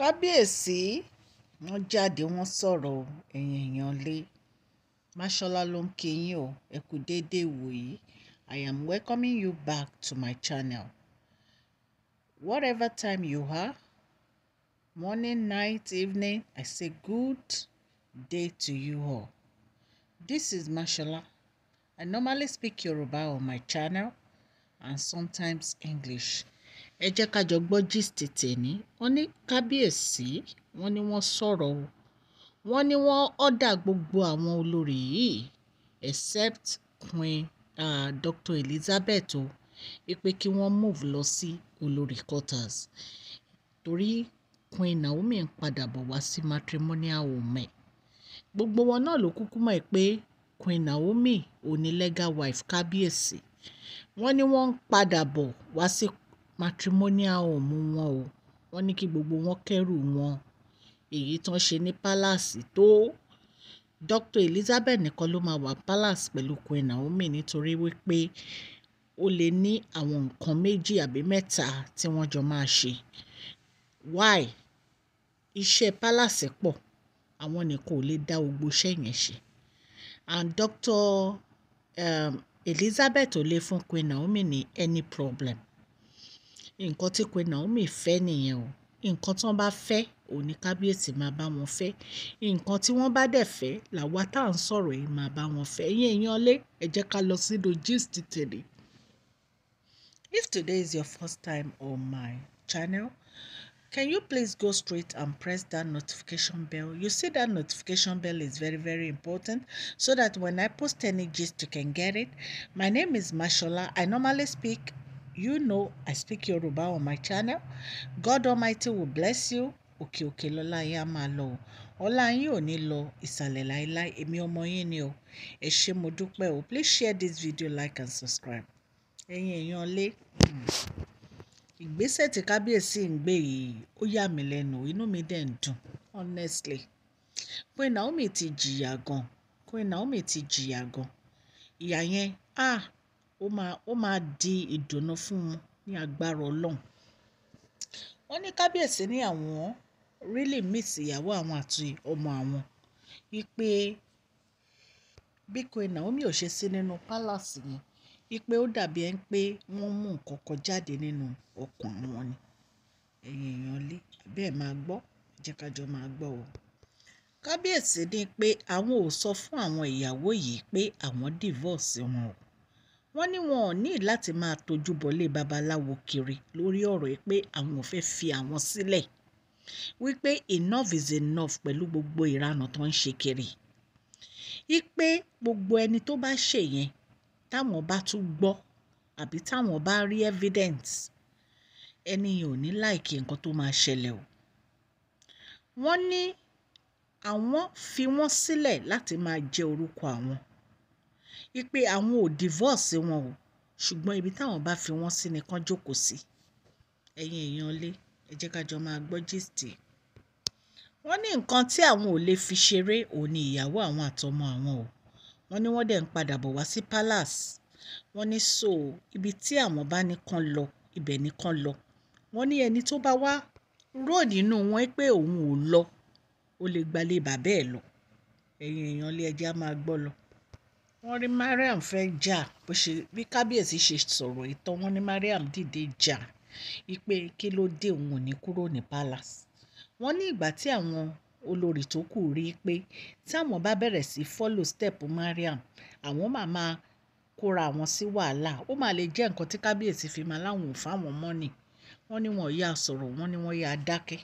kábíyèsí wọ́n jáde wọ́n sọ̀rọ̀ ẹ̀yin èèyàn lé máṣọ́lá ló ń kí o ẹ kú déédéé wòyí i am welcoming you back to my channel whatever time you are morning night evening i say good day to you all this is Mashola i normally speak Yoruba on my channel and sometimes English ẹ jẹ́ ká jọ gbọ́ gist tèmi wọ́n ní kábíyèsí wọ́n ní wọ́n sọ̀rọ̀ o wọ́n ní wọ́n ọ̀dà gbogbo àwọn olórí yìí except queen uh, dr elizabeth o pé kí wọ́n move lọ sí olórí quarters torí queen naomi ń padà bọ̀ wá sí matrimonial home gbogbo wọn náà ló kúkú mọ̀ pé queen naomi ò ní legal wife kábíyèsí wọ́n ní wọ́n ń padà bọ̀ wá sí matrimonial home wọn o. Wọ́n ní kí gbogbo wọn kẹ́rù wọn. Èyí tó ṣe ní palace tó. Dr. Elizabeth nìkan ló máa wà palace pẹ̀lú Queen Naomi nítorí wípé ó lè ní àwọn nǹkan méjì àbí mẹ́ta tí wọ́n jọ máa ṣe. Why? Iṣẹ́ palace pọ̀. Àwọn nìkan ò lè dá gbogbo iṣẹ́ yẹn ṣe. And Dr. um, Elizabeth ò lè fún Queen Naomi ní any problem. Nǹkan tí Queen Naomi fẹ́ nìyẹn o. Nǹkan tí bá fẹ́, òun Kábíyèsí máa bá wọn fẹ́. Nǹkan tí wọ́n bá dẹ̀ fẹ́, làwa tá ń sọ̀rọ̀ yìí máa bá wọn fẹ́. Ẹ̀yin èèyàn ilé, ẹ jẹ́ ká lọ sínú gist tèni. If today is your first time on my channel, can you please go straight and press that notification bell? You see that notification bell is very, very important so that when I post any gist, you can get it. My name is Mashola. I normally speak You know I speak Yoruba on my channel. God Almighty will bless you. Òkè òkè lọ́lá yín á máa lọ o. Ọlá yín ò ní lọ ìsàlẹ̀ láéláé. Èmi ọmọ yín ni o. Ẹ ṣé mo dúpẹ́ o. Please share this video, like and subscribe. Ẹ̀yin èèyàn lé. Hmm, ìgbésẹ̀ tí kábíyèsí ń gbé yìí ó yà mí lẹ́nu inú mi dẹ̀ ń dùn honestly. Queen Naomi ti jìyà gan. Queen Naomi ti jìyà gan. Ìyà yẹn ah ó máa ó máa di ìdùnnú fún wọn ní agbára ọlọ́run. wọ́n ní kábíyèsí ní àwọn really miss ìyàwó àwọn àti ọmọ àwọn wípé bí Queen Naomi ò ṣe sí nínú palace yẹn wípé ó dàbí ẹni pé wọ́n mú nǹkan kan jáde nínú ọkàn àwọn ni ẹ̀yin èèyàn lé bẹ́ẹ̀ máa gbọ́ jẹ́ máa gbọ́ o. kábíyèsí ní pé àwọn ò sọ fún àwọn ìyàwó yìí pé àwọn divorce wọn o wọ́n ní wọn ò ní láti máa tójú bọ́lé babaláwo kiri lórí ọ̀rọ̀ yìí pé àwọn ò fẹ́ fi àwọn sílẹ̀ wípé enough is enough pẹ̀lú gbogbo ìranà tó ń ṣe kiri ipe gbogbo ẹni tó bá ṣe yẹn táwọn bá tún gbọ́ àbí táwọn bá rí evidence ẹni yìí ò ní láìkí nǹkan tó máa ṣẹlẹ̀ o wọ́n ní àwọn fi wọ́n sílẹ̀ láti máa jẹ orúkọ àwọn wípé àwọn ò divorce wọn o ṣùgbọ́n ibi táwọn bá fi wọ́n sí nìkan jókòó sí ẹ̀yin èèyàn lé ẹ jẹ́ ká jọ máa gbọ́ gist wọ́n ní nǹkan tí àwọn ò lè fi ṣeré òun ni ìyàwó àwọn àtọmọ àwọn o wọ́n ní wọ́n dẹ̀ ń padà bọ̀ wá sí palace wọ́n ní so ibi tí àwọn bá nìkan lọ ibẹ̀ nìkan lọ wọ́n ní ẹni tó bá wá rò nínú wọn pé òun ò lọ ó lè gbalé bàbá ẹ̀ lọ ẹ̀yin èèyàn lé ẹjẹ́ á máa gbọ́ lọ wọ́n rí mariam fẹ́ jà bó ṣe bí kábíyèsí ṣe sọ̀rọ̀ ìtàn wọn ní mariam dìde jà ipe kí ló dé òun ò ní kúrò ní palace wọ́n ní ìgbà tí àwọn olórí tó kù rí i pé tí àwọn bá bẹ̀rẹ̀ sí follow step mariam àwọn máa máa kóra àwọn sí wàhálà ó máa lè jẹ́ nǹkan tí kábíyèsí fi máa láwọn ò fáwọn mọ́nì wọ́n ní wọn yà sọ̀rọ̀ wọ́n ní wọ́n yà dákẹ́.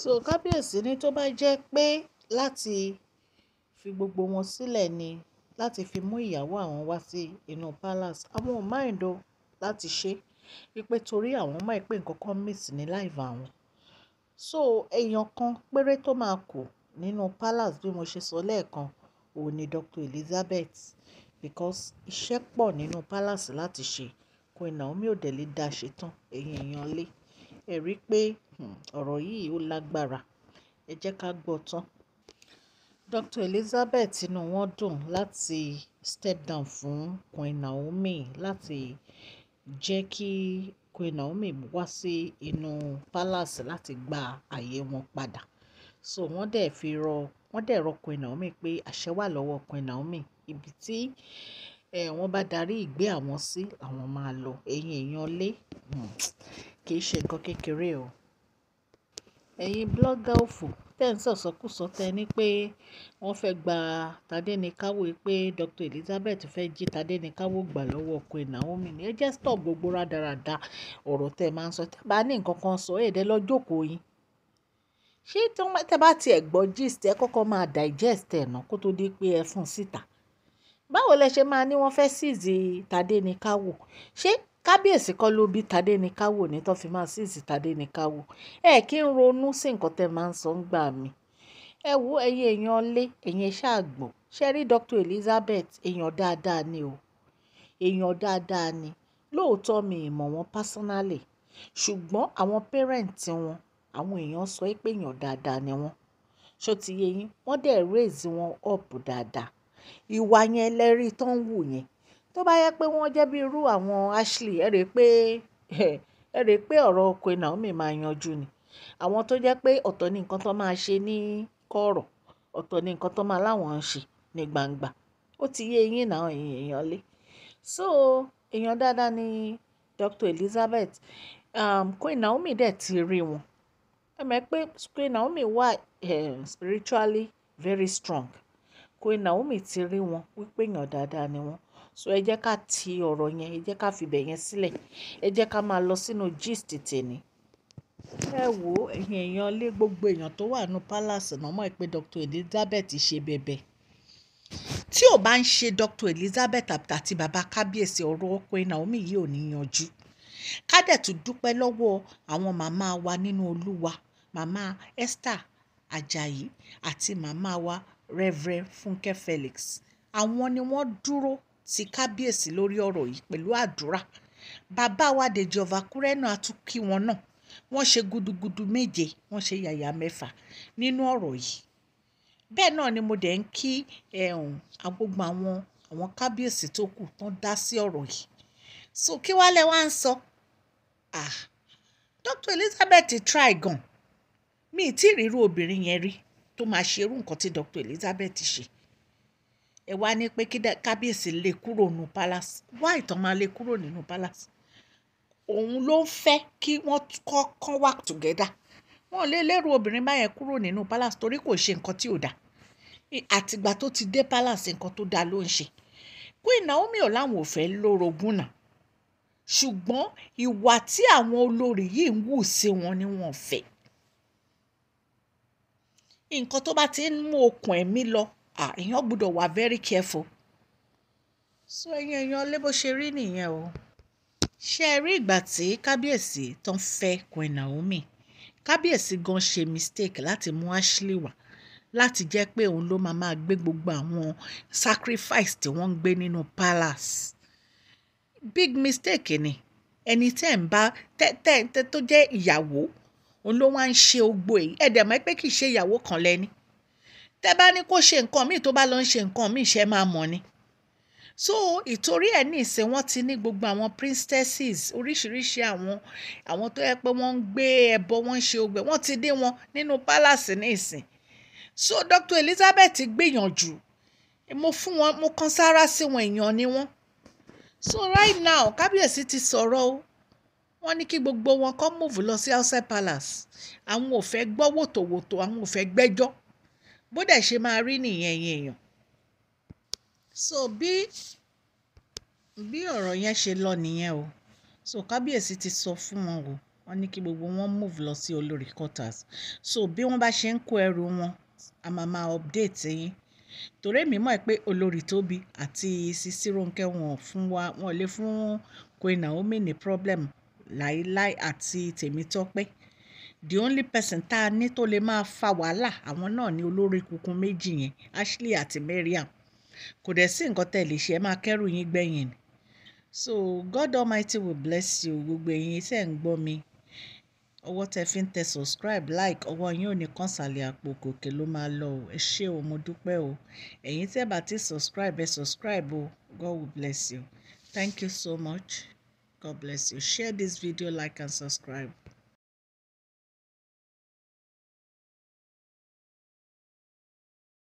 so kábíyèsí ní tó bá jẹ́ pé láti fi gbogbo wọn sílẹ̀ ni láti fi mú ìyàwó àwọn wá sí inú palace. Àwọn ò mind o láti ṣe. Wípé torí àwọn mọ̀ pé nǹkan kan miss ní life àwọn. So èèyàn kan péré tó máa kù nínú palace bí mo ṣe sọ lẹ́ẹ̀kan, òun ni Dr. Elizabeth. Because iṣẹ́ pọ̀ nínú palace láti ṣe. Queen Naomi ò dẹ̀ lè dá ṣe tán, ẹ̀yin èèyàn ilé. Ẹ pé, hmm, ọ̀rọ̀ yìí ó lágbára. Ẹ jẹ́ ká gbọ́ tán dr elizabeth inú wọn dùn láti step down fún queen naomi láti jẹ́ kí queen naomi wá sí inú palace láti gba àyè wọn padà so wọ́n dẹ̀ fi rọ wọ́n dẹ̀ rọ queen naomi pé àṣẹ wà lọ́wọ́ queen naomi ibi tí eh, wọ́n bá darí ìgbé àwọn sí àwọn máa lọ ẹ̀yin èèyàn lé hmm, kì í ṣe nǹkan kékeré o ẹ̀yin blọ́gà òfò tẹ́ ń sọ̀sọ́kùsọ tẹ ní pé wọ́n fẹ́ gba Tadéníkáwó pé Dr. Elizabeth fẹ́ jí Tadéníkáwó gbà lọ́wọ́ Queen Naomi ni ẹ jẹ́ stop gbogbo rádaràda ọ̀rọ̀ tẹ́ máa ń sọ tẹ́ bá ní nǹkan kan sọ èdè lọ jókòó yín ṣé tẹ́ bá tiẹ̀ gbọ́ gist ẹ kọ́kọ́ máa digest ẹ̀ náà kó tó di pé ẹ fún síta báwo lẹ ṣe máa ní wọ́n fẹ́ síìzì Tadéníkáwó ṣé kábíyèsí kọ́ ló bí tadé ní káwò ní tó fi máa síìsì tadé ní káwò ẹ kí n ronú sí nǹkan tẹ́ máa ń sọ ń gbà mí ẹ wo ẹ̀yin èèyàn lé ẹ̀yin ṣáà gbọ́ ṣe rí Dr. Elizabeth èèyàn dáadáa ni o èèyàn dáadáa ni lóòótọ́ mi ìmọ̀ wọn personally ṣùgbọ́n àwọn parent wọn àwọn èèyàn sọ pé èèyàn dáadáa ni wọn ṣó ti yé yín wọ́n dẹ̀ raise wọn up dáadáa ìwà yẹn lẹ́rí tó ń wù yẹn Tó bá yẹ pé wọ́n jẹ́ bí irú àwọn Ashley, ẹ rí pé, ẹ rí pé ọ̀rọ̀ Queen Naomi máa yanjú ni. Àwọn tó jẹ́ pé ọ̀tọ̀ ni nǹkan tó máa ṣe ní kọ̀rọ̀, ọ̀tọ̀ ni nǹkan tó máa láwọn ń ṣe ní gbangba. Ó ti yé yín now ẹ̀yin èèyàn lé. So èèyàn dáadáa ni Dr. Elizabeth. Um, Queen Naomi dẹ̀ ti rí wọn. Ẹ mọ̀ pé Queen Naomi wà eh, spiritually very strong. Queen Naomi ti rí wọn wípé èèyàn dáadáa ni wọ́n. So ẹ jẹ́ ká ti ọ̀rọ̀ yẹn, ẹ jẹ́ ká fi ibẹ̀ yẹn sílẹ̀. Ẹ jẹ́ ká máa lọ sínú gist tèmi. Ẹ wo ẹ̀yin èèyàn ilé, gbogbo èèyàn tó wà nínú palace náà mọ̀ pé Dr. Elizabeth ṣe bẹbẹ. Tí ò bá ń ṣe Dr. Elizabeth àti baba kábíyèsí ọ̀rọ̀ Queen Naomi yìí ò ní yanjú. Ká dẹ̀ tún dúpẹ́ lọ́wọ́ àwọn màmá wa nínú Olúwa, màmá Esther Ajayi àti màmá wa Reverend Funke Felix. Àwọn ni wọ́n dúró ti kábíyèsí lórí ọ̀rọ̀ yìí pẹ̀lú àdúrà bàbá wa Dèjì Ọ̀fàkúrẹ́ náà tún kí wọn náà wọ́n ṣe gudugudu méje wọ́n ṣe yàyà mẹ́fà nínú ọ̀rọ̀ yìí bẹ́ẹ̀ náà ni mo dẹ̀ ń kí agbógun àwọn àwọn kábíyèsí tó kù tán dá sí ọ̀rọ̀ yìí so kí wàá lẹ wá ń sọ ah Dr Elizabeth try gan mi ì tí ì rírú obìnrin yẹn rí tó máa ṣerú nǹkan tí Dr Elizabeth ṣe ẹ wá ní pé kí kábíyèsí lè kúrò nínú palace wá ìtàn máa lè kúrò nínú palace òun ló ń fẹ́ kí wọ́n kọ́ work together wọ́n lè lérò obìnrin báyẹn kúrò nínú palace torí kò ṣe nǹkan tí ò dáa àtìgbà tó ti dé palace nǹkan tó dáa ló ń ṣe Queen Naomi ò láwọn ò fẹ́ lórogún náà ṣùgbọ́n ìwà tí àwọn olórí yìí ń wù sí wọn ni wọ́n fẹ́ nǹkan tó bá ti ń mú okùn ẹ̀mí lọ ah èèyàn gbọ́dọ̀ wà very careful so ẹ̀yin èèyàn lé bó ṣe rí nìyẹn o ṣé ẹ rí ìgbà tí kábíyèsí tán fẹ́ Queen Naomi kábíyèsí gan ṣe mistake láti mú Ashley wá láti jẹ́ pé òun ló máa máa gbé gbogbo àwọn sacrifice tí wọ́n ń gbé nínú palace big mistake ni ẹni tẹ́ ń bá tẹ́ tó jẹ́ ìyàwó òun ló wá ń ṣe ogbó yìí ẹ̀dẹ̀ mọ́ pé kì í ṣe ìyàwó kan lẹ́ni tẹ́ bá ní kó ṣe nǹkan míì tó bá lọ ń ṣe nǹkan míì ṣe máa mọ̀ ni so ìtorí ẹ̀ ní ìsìn wọ́n ti ní gbogbo àwọn princesses oríṣiríṣi àwọn àwọn tó yẹ pé wọ́n ń gbé ẹbọ wọ́n ń ṣe ogbẹ wọ́n ti dé wọn nínú palace ní ìsìn so Dr. Elizabeth gbìyànjú mo fún wọn mo kan sára sí wọn èèyàn ni wọ́n so right now kábíyèsí ti sọ̀rọ̀ o wọ́n ní kí gbogbo wọn kó move lọ sí outside palace àwọn ò fẹ́ gbọ́ wòtòwòtò àwọn ò fẹ́ gbẹ́jọ́ bó dẹ̀ ṣe máa rí nìyẹn ẹ̀yin èèyàn so bí bí ọ̀rọ̀ yẹn ṣe lọ nìyẹn o so kábíyèsí ti sọ fún wọn o wọ́n ní kí gbogbo wọn move lọ sí olórí quarters so bí wọ́n bá ṣe ń kó ẹrù wọn a máa máa update yín torí èmi mọ̀ pé olórí tóbi àti sisi ronke wọn fún wa wọn lè fún Queen Naomi ní problem láíláí àti Tèmítọ́pẹ́ the only person tá a ní tó lè máa fa wàhálà àwọn náà ní olórí kunkun méjì yẹn Ashley àti Mariam kò dẹ̀ sí nǹkan tẹ̀ lè ṣe ẹ máa kẹ́rù yín gbẹ̀yìn ni so God Almighty will bless you gbogbo ẹ̀yin tẹ̀ ń gbọ́ mi ọwọ́ tẹ fi ń tẹ subscribe like ọwọ́ yín ò ní kàn àpò gòkè ló máa lọ o ẹ ṣé o mo dúpẹ́ o ẹ̀yin tẹ́ bá ti subscribe ẹ subscribe o God will bless you thank you so much God bless you share this video like and subscribe.